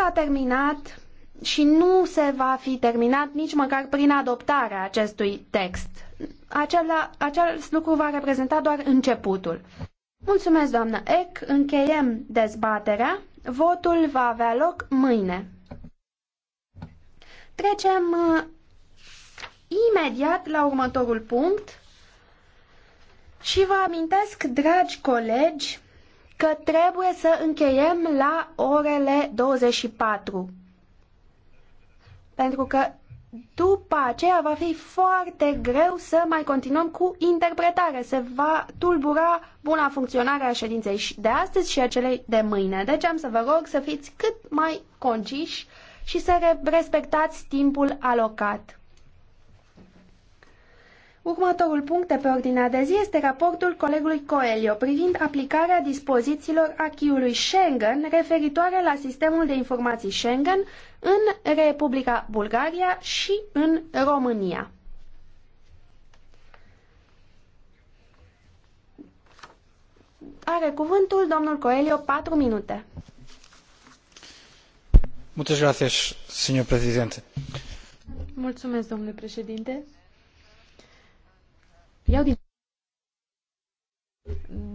s-a terminat și nu se va fi terminat nici măcar prin adoptarea acestui text. Acela, acest lucru va reprezenta doar începutul. Mulțumesc, doamnă Eck. Încheiem dezbaterea. Votul va avea loc mâine. Trecem uh, imediat la următorul punct și vă amintesc, dragi colegi, că trebuie să încheiem la orele 24. Pentru că după aceea va fi foarte greu să mai continuăm cu interpretare. Se va tulbura buna funcționare a ședinței de astăzi și a celei de mâine. Deci am să vă rog să fiți cât mai conciși și să respectați timpul alocat. Următorul punct de pe ordinea de zi este raportul colegului Coelho privind aplicarea dispozițiilor achiului Schengen referitoare la sistemul de informații Schengen în Republica Bulgaria și în România. Are cuvântul domnul Coelho, 4 minute. Mulțumesc, domnule președinte. Iau din...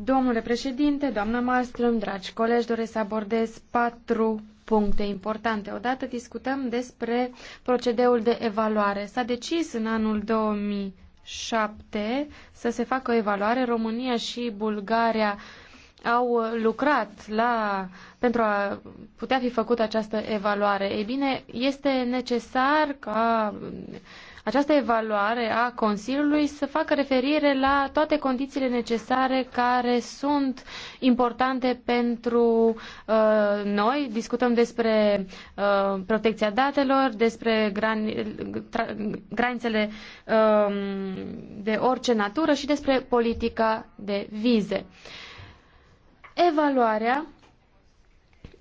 Domnule președinte, doamnă Malmström, dragi colegi, doresc să abordez patru puncte importante. Odată discutăm despre procedeul de evaluare. S-a decis în anul 2007 să se facă o evaluare. România și Bulgaria au lucrat la, pentru a putea fi făcută această evaluare. Ei bine, este necesar ca această evaluare a Consiliului să facă referire la toate condițiile necesare care sunt importante pentru uh, noi. Discutăm despre uh, protecția datelor, despre grani, tra, granițele uh, de orice natură și despre politica de vize. Evaluarea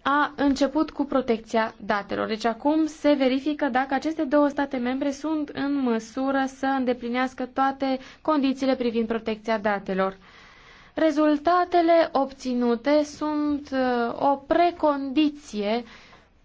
a început cu protecția datelor. Deci acum se verifică dacă aceste două state membre sunt în măsură să îndeplinească toate condițiile privind protecția datelor. Rezultatele obținute sunt uh, o precondiție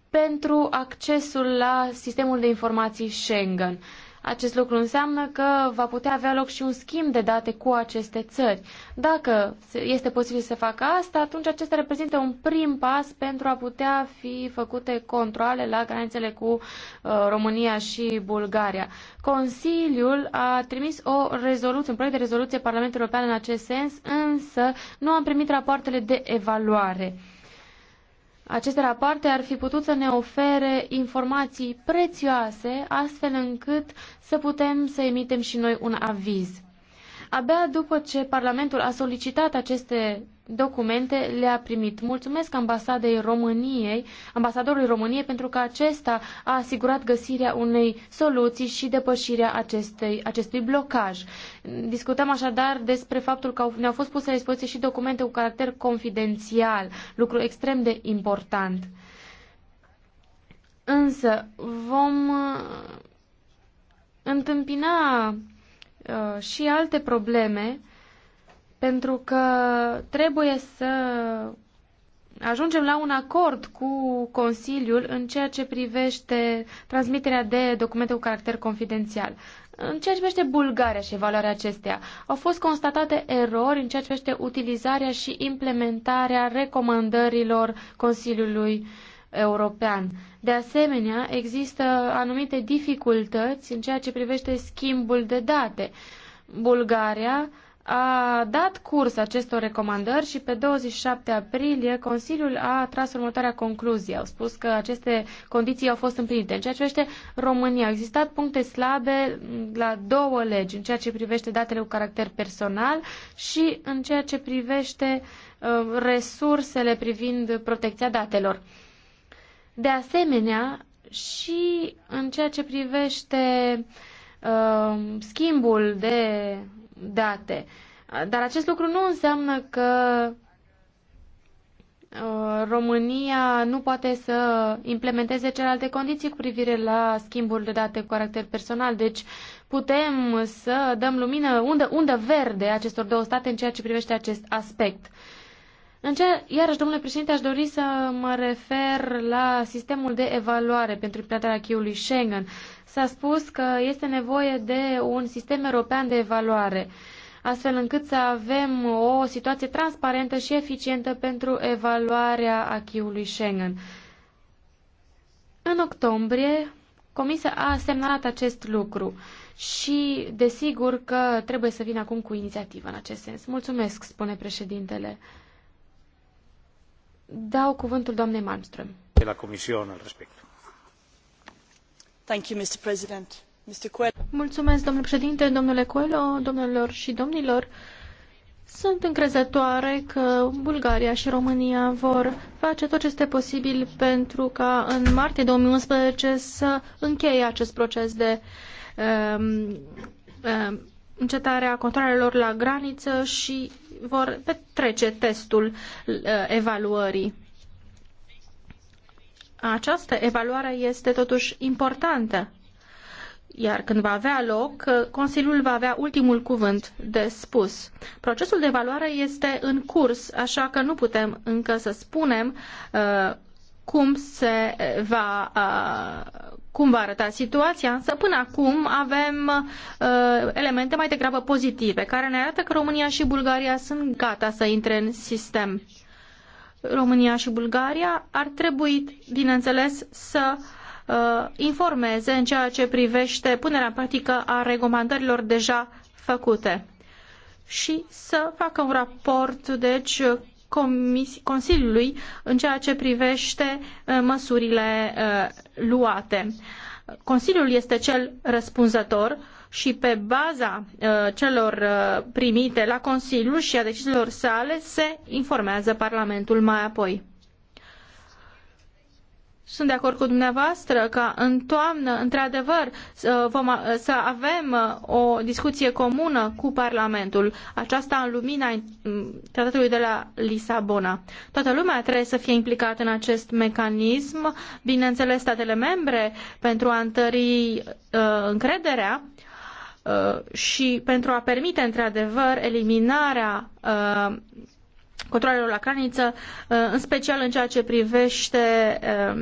pentru accesul la sistemul de informații Schengen. Acest lucru înseamnă că va putea avea loc și un schimb de date cu aceste țări. Dacă este posibil să facă asta, atunci acesta reprezintă un prim pas pentru a putea fi făcute controle la granițele cu uh, România și Bulgaria. Consiliul a trimis o rezoluție, un proiect de rezoluție Parlamentului European în acest sens, însă nu am primit rapoartele de evaluare. Aceste rapoarte ar fi putut să ne ofere informații prețioase, astfel încât să putem să emitem și noi un aviz. Abia după ce Parlamentul a solicitat aceste documente le-a primit. Mulțumesc ambasadei României, ambasadorului României pentru că acesta a asigurat găsirea unei soluții și depășirea acestei, acestui blocaj. Discutăm așadar despre faptul că ne-au fost puse la dispoziție și documente cu caracter confidențial, lucru extrem de important. Însă vom uh, întâmpina uh, și alte probleme pentru că trebuie să ajungem la un acord cu Consiliul în ceea ce privește transmiterea de documente cu caracter confidențial. În ceea ce privește Bulgaria și evaluarea acesteia, au fost constatate erori în ceea ce privește utilizarea și implementarea recomandărilor Consiliului European. De asemenea, există anumite dificultăți în ceea ce privește schimbul de date. Bulgaria a dat curs acestor recomandări și pe 27 aprilie Consiliul a tras următoarea concluzie. Au spus că aceste condiții au fost împlinite. În ceea ce privește România, au existat puncte slabe la două legi, în ceea ce privește datele cu caracter personal și în ceea ce privește uh, resursele privind protecția datelor. De asemenea, și în ceea ce privește uh, schimbul de date. Dar acest lucru nu înseamnă că uh, România nu poate să implementeze celelalte condiții cu privire la schimbul de date cu caracter personal. Deci putem să dăm lumină undă, undă verde acestor două state în ceea ce privește acest aspect. În ce, iarăși, domnule președinte, aș dori să mă refer la sistemul de evaluare pentru implementarea chiului Schengen. S-a spus că este nevoie de un sistem european de evaluare, astfel încât să avem o situație transparentă și eficientă pentru evaluarea achiului Schengen. În octombrie, Comisia a semnalat acest lucru și desigur că trebuie să vină acum cu inițiativă în acest sens. Mulțumesc, spune președintele. Dau cuvântul doamnei Malmström. Mulțumesc, domnule președinte, domnule Coelho, domnilor și domnilor. Sunt încrezătoare că Bulgaria și România vor face tot ce este posibil pentru ca în martie 2011 să încheie acest proces de um, um, încetarea controlelor la graniță și vor petrece testul eh, evaluării. Această evaluare este totuși importantă, iar când va avea loc, Consiliul va avea ultimul cuvânt de spus. Procesul de evaluare este în curs, așa că nu putem încă să spunem uh, cum se va uh, cum va arăta situația, însă până acum avem uh, elemente mai degrabă pozitive, care ne arată că România și Bulgaria sunt gata să intre în sistem. România și Bulgaria ar trebui, bineînțeles, să uh, informeze în ceea ce privește punerea în practică a recomandărilor deja făcute și să facă un raport, deci, Consiliului în ceea ce privește uh, măsurile uh, luate. Consiliul este cel răspunzător și pe baza uh, celor primite la Consiliu și a deciziilor sale se informează Parlamentul mai apoi. Sunt de acord cu dumneavoastră că în toamnă, într-adevăr, uh, uh, să avem uh, o discuție comună cu Parlamentul, aceasta în lumina mm, tratatului de la Lisabona. Toată lumea trebuie să fie implicată în acest mecanism, bineînțeles statele membre, pentru a întări încrederea și pentru a permite, într-adevăr, eliminarea controlelor la graniță, uh, în special în ceea ce privește um,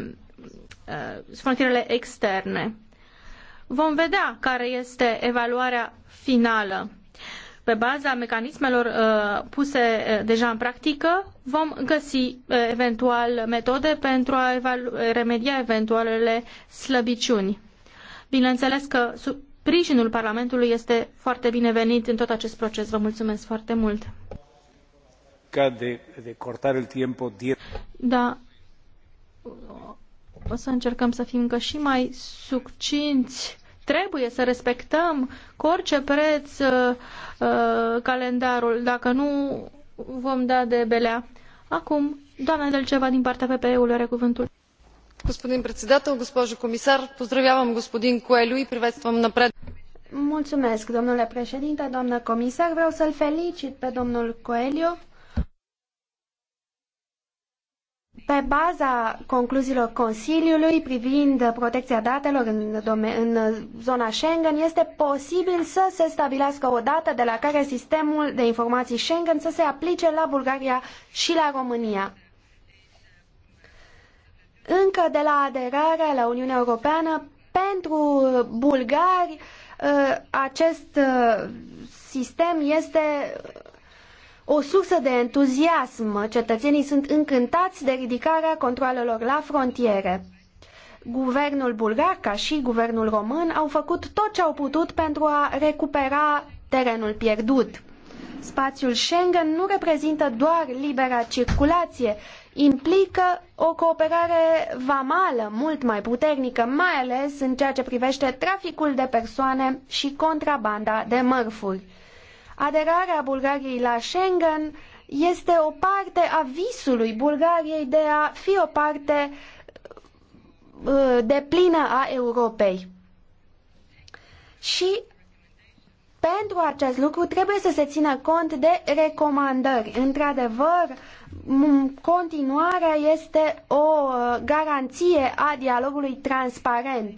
uh, frontierele externe. Vom vedea care este evaluarea finală. Pe baza mecanismelor uh, puse deja în practică, vom găsi eventual metode pentru a remedia eventualele slăbiciuni. Bineînțeles că sprijinul Parlamentului este foarte binevenit în tot acest proces. Vă mulțumesc foarte mult! de, de cortar el tiempo. Da. O să încercăm să fim încă și mai succinți. Trebuie să respectăm cu orice preț uh, uh, calendarul, dacă nu vom da de belea. Acum, doamna Delceva din partea PPE-ului are cuvântul. Господин председател, госпожо комисар, поздравявам господин Коелю и приветствам напред. Mulțumesc, domnule președinte, doamnă comisar. Vreau să-l felicit pe domnul Coelho Pe baza concluziilor Consiliului privind protecția datelor în, în zona Schengen, este posibil să se stabilească o dată de la care sistemul de informații Schengen să se aplice la Bulgaria și la România. Încă de la aderarea la Uniunea Europeană, pentru bulgari, ă, acest ă, sistem este o sursă de entuziasm. Cetățenii sunt încântați de ridicarea controalelor la frontiere. Guvernul bulgar, ca și guvernul român, au făcut tot ce au putut pentru a recupera terenul pierdut. Spațiul Schengen nu reprezintă doar libera circulație, implică o cooperare vamală mult mai puternică, mai ales în ceea ce privește traficul de persoane și contrabanda de mărfuri. Aderarea Bulgariei la Schengen este o parte a visului Bulgariei de a fi o parte uh, de plină a Europei. Și pentru acest lucru trebuie să se țină cont de recomandări. Într-adevăr, continuarea este o uh, garanție a dialogului transparent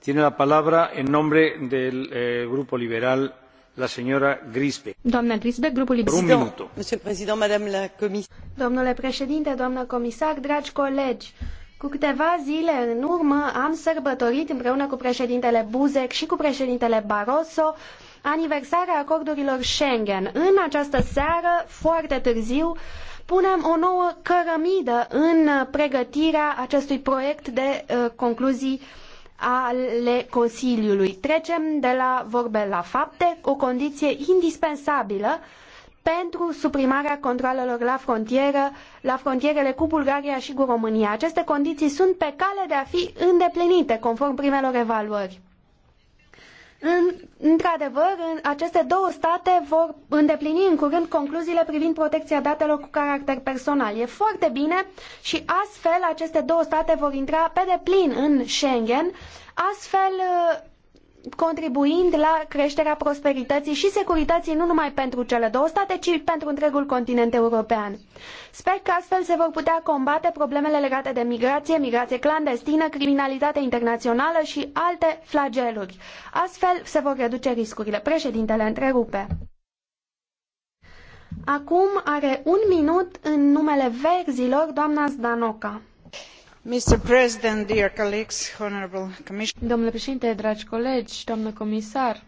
Tiene la palabra en nombre del eh, Liberal la señora Grisbeck. Doamna grupul liberal. Domnule președinte, doamnă comisar, dragi colegi, cu câteva zile în urmă am sărbătorit împreună cu președintele Buzek și cu președintele Barroso aniversarea acordurilor Schengen. În această seară, foarte târziu, punem o nouă cărămidă în pregătirea acestui proiect de uh, concluzii uh, ale Consiliului. Trecem de la vorbe la fapte, o condiție indispensabilă pentru suprimarea controalelor la frontieră, la frontierele cu Bulgaria și cu România. Aceste condiții sunt pe cale de a fi îndeplinite, conform primelor evaluări. În, într-adevăr, aceste două state vor îndeplini în curând concluziile privind protecția datelor cu caracter personal. E foarte bine și astfel aceste două state vor intra pe deplin în Schengen, astfel contribuind la creșterea prosperității și securității nu numai pentru cele două state, ci pentru întregul continent european. Sper că astfel se vor putea combate problemele legate de migrație, migrație clandestină, criminalitate internațională și alte flageluri. Astfel se vor reduce riscurile. Președintele întrerupe. Acum are un minut în numele verzilor doamna Zdanoca. Domnule președinte, dragi colegi, comisar,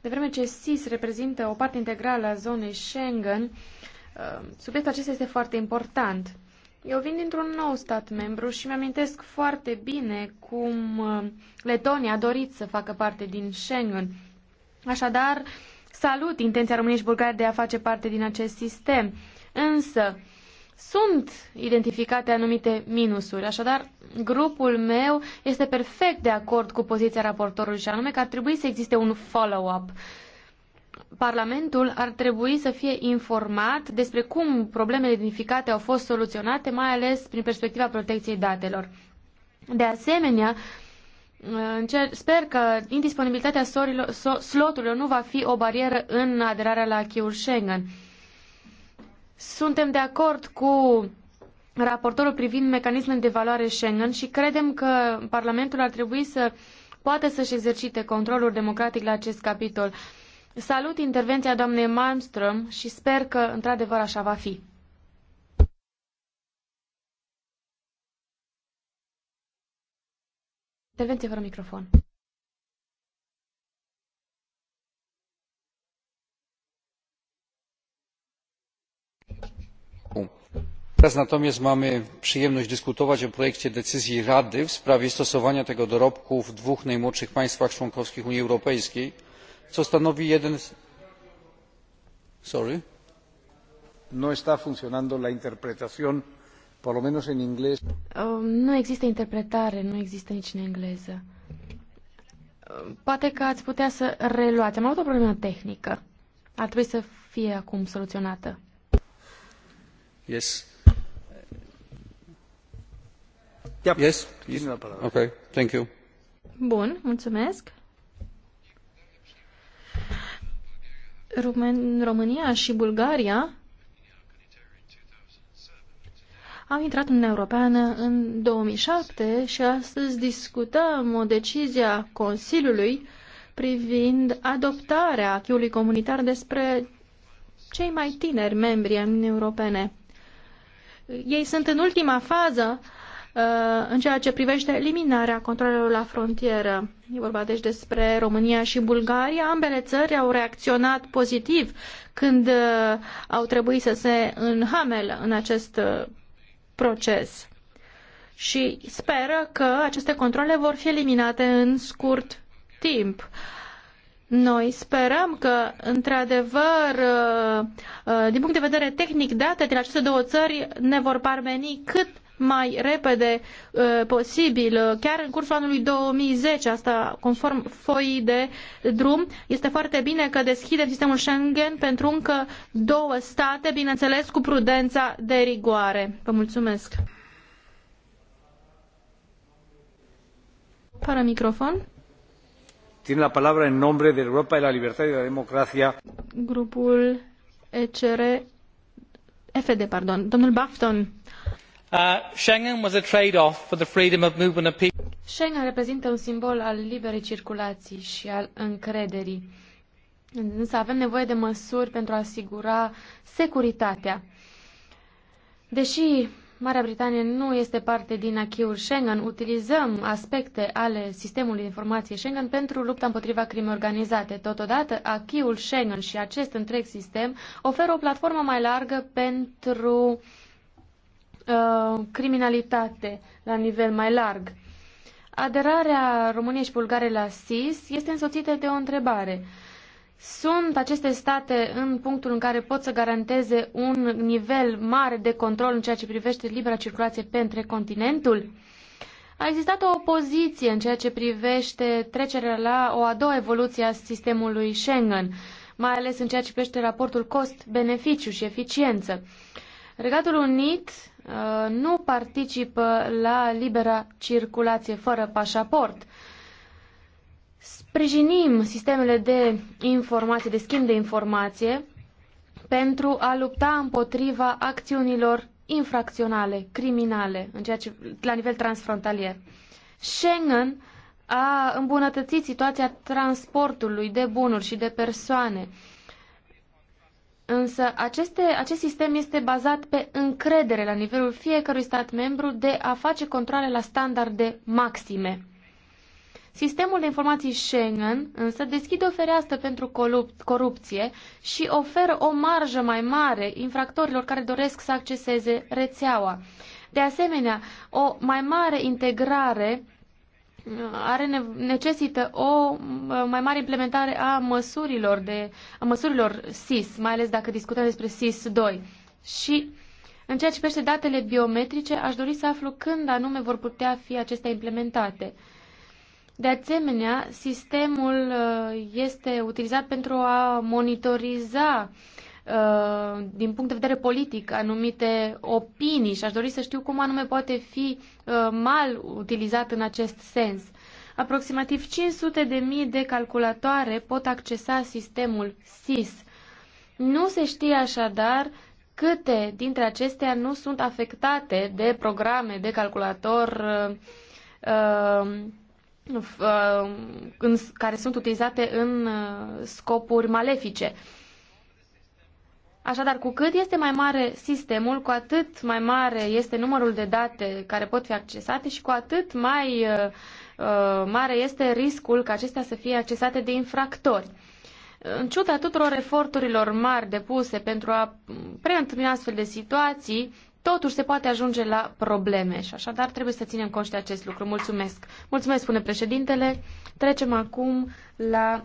de vreme ce SIS reprezintă o parte integrală a zonei Schengen, uh, subiectul acesta este foarte important. Eu vin dintr-un nou stat membru și îmi amintesc foarte bine cum uh, Letonia a dorit să facă parte din Schengen. Așadar, salut intenția României și Bulgariei de a face parte din acest sistem. Însă, sunt identificate anumite minusuri. Așadar, grupul meu este perfect de acord cu poziția raportorului și anume că ar trebui să existe un follow-up. Parlamentul ar trebui să fie informat despre cum problemele identificate au fost soluționate, mai ales prin perspectiva protecției datelor. De asemenea, sper că indisponibilitatea sloturilor nu va fi o barieră în aderarea la acquis Schengen. Suntem de acord cu raportorul privind mecanismul de valoare Schengen și credem că Parlamentul ar trebui să poată să-și exercite controlul democratic la acest capitol. Salut intervenția doamnei Malmström și sper că într-adevăr așa va fi. Intervenție fără microfon. teraz natomiast mamy przyjemność dyskutować o projekcie decyzji rady w sprawie stosowania tego dorobku w dwóch najmłodszych państwach członkowskich unii europejskiej co stanowi jeden z nu există interpretare, nu există nici în engleză. Um, poate că ați putea să reluați. Am avut o problemă tehnică. Ar trebui să fie acum soluționată. Yes. Bun, România și Bulgaria au intrat în Uniunea Europeană în 2007 și astăzi discutăm o decizie a Consiliului privind adoptarea acquis comunitar despre cei mai tineri membri ai Uniunii Europene. Ei sunt în ultima fază Uh, în ceea ce privește eliminarea controlelor la frontieră. E vorba deci despre România și Bulgaria. Ambele țări au reacționat pozitiv când uh, au trebuit să se înhamel în acest uh, proces. Și speră că aceste controle vor fi eliminate în scurt timp. Noi sperăm că, într-adevăr, din punct de vedere tehnic, date din aceste două țări ne vor parveni cât mai repede uh, posibil, uh, chiar în cursul anului 2010, asta conform foii de drum. Este foarte bine că deschidem sistemul Schengen pentru încă două state, bineînțeles cu prudența de rigoare. Vă mulțumesc! Para microfon. Tiene la palabra en nombre de Europa de la Libertad y la Democracia. Grupul ECR, FD, pardon. Domnul Bafton schengen reprezintă un simbol al liberei circulaii și al încrederii însă avem nevoie de măsuri pentru a asigura securitatea. Deși Marea Britanie nu este parte din acquis Schengen, utilizăm aspecte ale sistemului de informație Schengen pentru lupta împotriva crimei organizate. Totodată, acquis Schengen și acest întreg sistem oferă o platformă mai largă pentru Uh, criminalitate la nivel mai larg. Aderarea României și Bulgare la SIS este însoțită de o întrebare. Sunt aceste state în punctul în care pot să garanteze un nivel mare de control în ceea ce privește libera circulație pe continentul? A existat o opoziție în ceea ce privește trecerea la o a doua evoluție a sistemului Schengen, mai ales în ceea ce privește raportul cost-beneficiu și eficiență. Regatul Unit Uh, nu participă la libera circulație fără pașaport. Sprijinim sistemele de informație, de schimb de informație, pentru a lupta împotriva acțiunilor infracționale, criminale, în ceea ce, la nivel transfrontalier. Schengen a îmbunătățit situația transportului de bunuri și de persoane. Uh, Însă aceste, acest sistem este bazat pe încredere la nivelul fiecărui stat membru de a face controle la standarde maxime. Sistemul de informații Schengen însă deschide o fereastră pentru corupție și oferă o marjă mai mare infractorilor care doresc să acceseze rețeaua. De asemenea, o mai mare integrare are necesită o uh, mai mare implementare a măsurilor, de, a măsurilor SIS, mai ales dacă discutăm despre SIS 2. Și în ceea ce privește datele biometrice, aș dori să aflu când anume vor putea fi acestea implementate. De asemenea, sistemul uh, este utilizat pentru a monitoriza uh, Uh, din punct de vedere politic anumite opinii și aș dori să știu cum anume poate fi uh, mal utilizat în acest sens. Aproximativ 500 de mii de calculatoare pot accesa sistemul SIS. Nu se știe așadar câte dintre acestea nu sunt afectate de programe de calculator uh, uh, uh în, care sunt utilizate în scopuri malefice. Așadar, cu cât este mai mare sistemul, cu atât mai mare este numărul de date care pot fi accesate și cu atât mai uh, uh, mare este riscul ca acestea să fie accesate de infractori. În ciuda tuturor eforturilor mari depuse pentru a preîntâlni astfel de situații, totuși se poate ajunge la probleme și așadar trebuie să ținem conști acest lucru. Mulțumesc. Mulțumesc, spune președintele. Trecem acum la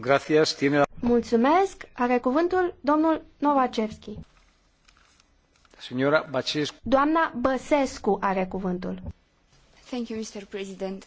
Gracias, tiene... Mulțumesc. Are cuvântul domnul Novacevski. Doamna Băsescu are cuvântul. Thank you, Mr. President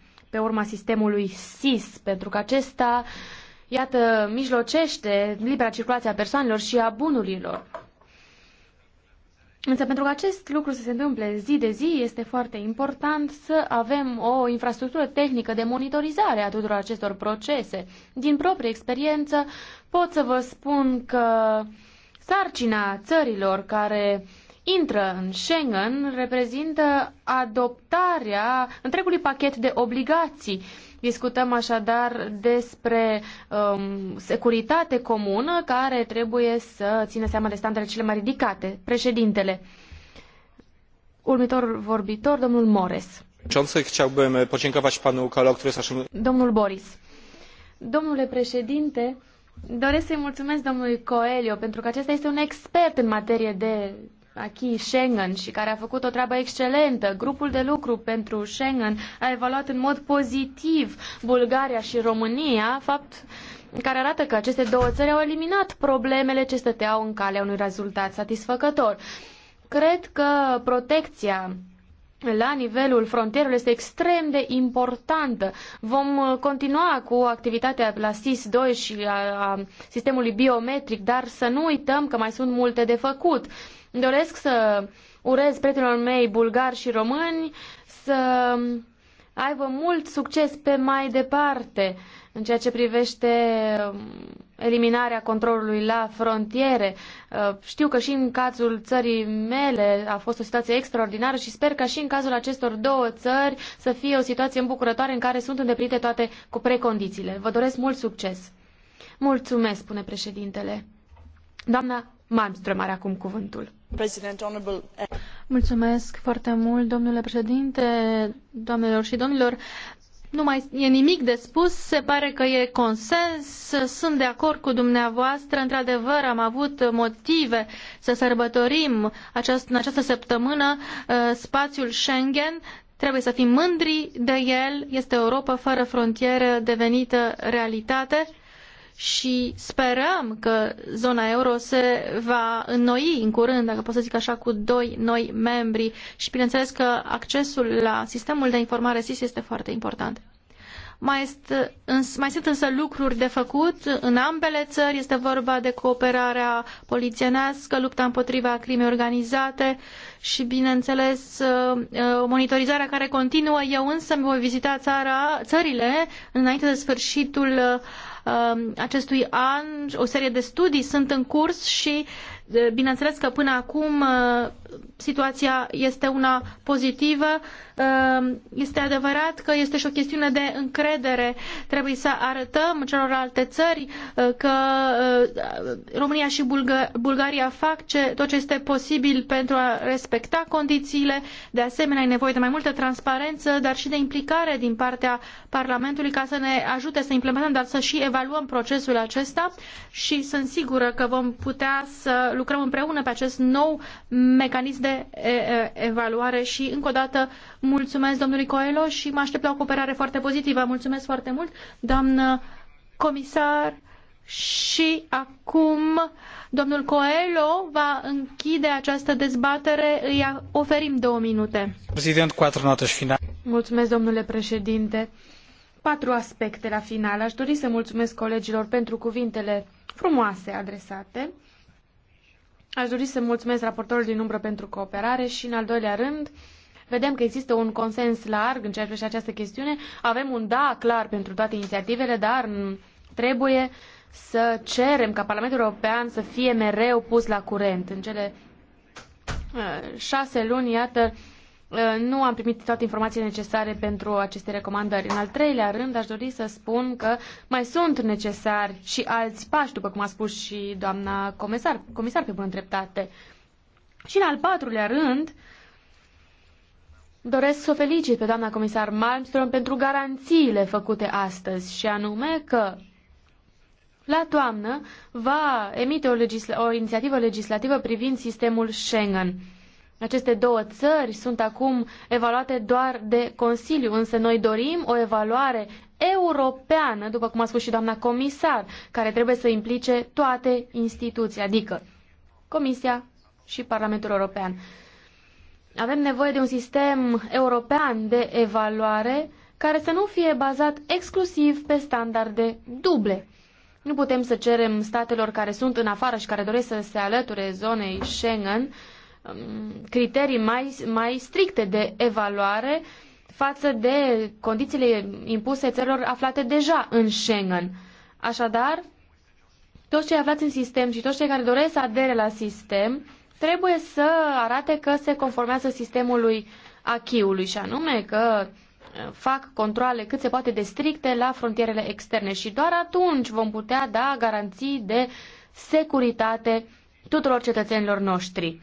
pe urma sistemului SIS, pentru că acesta, iată, mijlocește libera circulație a persoanelor și a bunurilor. Însă pentru că acest lucru să se întâmple zi de zi, este foarte important să avem o infrastructură tehnică de monitorizare a tuturor acestor procese. Din proprie experiență pot să vă spun că sarcina țărilor care uh, intră în Schengen reprezintă adoptarea întregului pachet de obligații. Discutăm așadar despre um, securitate comună care trebuie să țină seama de standardele cele mai ridicate. Președintele, următorul vorbitor, domnul Mores. Domnul Boris. Domnule președinte, doresc să-i mulțumesc domnului Coelho pentru că acesta este un expert în materie de acquis Schengen și care a făcut o treabă excelentă. Grupul de lucru pentru Schengen a evaluat în mod pozitiv Bulgaria și România, fapt care arată că aceste două țări au eliminat problemele ce stăteau în calea unui rezultat satisfăcător. Cred că protecția la nivelul frontierelor este extrem de importantă. Vom uh, continua cu activitatea la SIS-2 și a, a sistemului biometric, dar să nu uităm că mai sunt multe de făcut. Doresc să urez prietenilor mei bulgari și români să aibă mult succes pe mai departe în ceea ce privește um, eliminarea controlului la frontiere. Uh, știu că și în cazul țării mele a fost o situație extraordinară și sper că și în cazul acestor două țări să fie o situație îmbucurătoare în care sunt îndeplinite toate cu precondițiile. Vă doresc mult succes! Mulțumesc, spune președintele. Doamna Malmström are acum cuvântul. Mulțumesc foarte mult, domnule președinte, doamnelor și domnilor nu mai e nimic de spus, se pare că e consens, sunt de acord cu dumneavoastră, într-adevăr am avut motive să sărbătorim aceast, în această săptămână uh, spațiul Schengen, trebuie să fim mândri de el, este Europa fără frontiere devenită realitate și sperăm că zona euro se va înnoi în curând, dacă pot să zic așa, cu doi noi membri și bineînțeles că accesul la sistemul de informare SIS este foarte important. Mai, este, mai sunt însă lucruri de făcut în ambele țări. Este vorba de cooperarea polițienească, lupta împotriva crimei organizate și, bineînțeles, uh, monitorizarea care continuă. Eu însă voi vizita țara, țările înainte de sfârșitul Um, acestui an. O serie de studii sunt în curs și Eh, bineînțeles că până acum eh, situația este una pozitivă. Eh, este adevărat că este și o chestiune de încredere. Trebuie să arătăm celorlalte țări că România și Bulgaria fac ce, tot ce este posibil pentru a respecta condițiile. De asemenea, e nevoie de mai multă transparență, dar și de implicare din partea Parlamentului ca să ne ajute să implementăm, dar să și evaluăm procesul acesta și sunt sigură că vom putea să lucrăm împreună pe acest nou mecanism de evaluare și încă o dată mulțumesc domnului Coelho și mă aștept la o cooperare foarte pozitivă. Mulțumesc foarte mult, doamnă comisar. Și acum domnul Coelho va închide această dezbatere. Îi oferim două minute. Prezident, patru note final. Mulțumesc, domnule președinte. Patru aspecte la final. Aș dori să mulțumesc colegilor pentru cuvintele frumoase adresate. Aș dori să mulțumesc raportorului din umbră pentru cooperare și, în al doilea rând, vedem că există un consens larg în ceea ce privește această chestiune. Avem un da clar pentru toate inițiativele, dar trebuie să cerem ca Parlamentul European să fie mereu pus la curent. În cele uh, șase luni, iată, Uh, nu am primit toate informațiile necesare pentru aceste recomandări. În al treilea rând, aș dori să spun că mai sunt necesari și alți pași, după cum a spus și doamna comisar, comisar pe bună dreptate. Și în al patrulea rând, doresc să o felicit pe doamna comisar Malmström pentru garanțiile făcute astăzi, și anume că la toamnă va emite o, legisla- o inițiativă legislativă privind sistemul Schengen. Aceste două țări sunt acum evaluate doar de Consiliu, însă noi dorim o evaluare europeană, după cum a spus și doamna comisar, care trebuie să implice toate instituții, adică Comisia și Parlamentul European. Avem nevoie de un sistem european de evaluare care să nu fie bazat exclusiv pe standarde duble. Nu putem să cerem statelor care sunt în afară și care doresc să se alăture zonei Schengen Um, criterii mai, mai stricte de evaluare față de condițiile impuse țărilor aflate deja în Schengen. Așadar, toți cei aflați în sistem și toți cei care doresc să adere la sistem trebuie să arate că se conformează sistemului achiului și anume că uh, fac controle cât se poate de stricte la frontierele externe și doar atunci vom putea da garanții de securitate tuturor cetățenilor noștri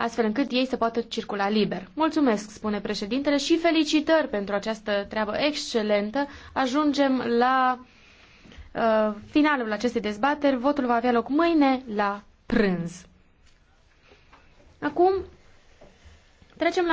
astfel încât ei să poată circula liber. Mulțumesc, spune președintele, și felicitări pentru această treabă excelentă. Ajungem la uh, finalul acestei dezbateri. Votul va avea loc mâine la prânz. Acum trecem la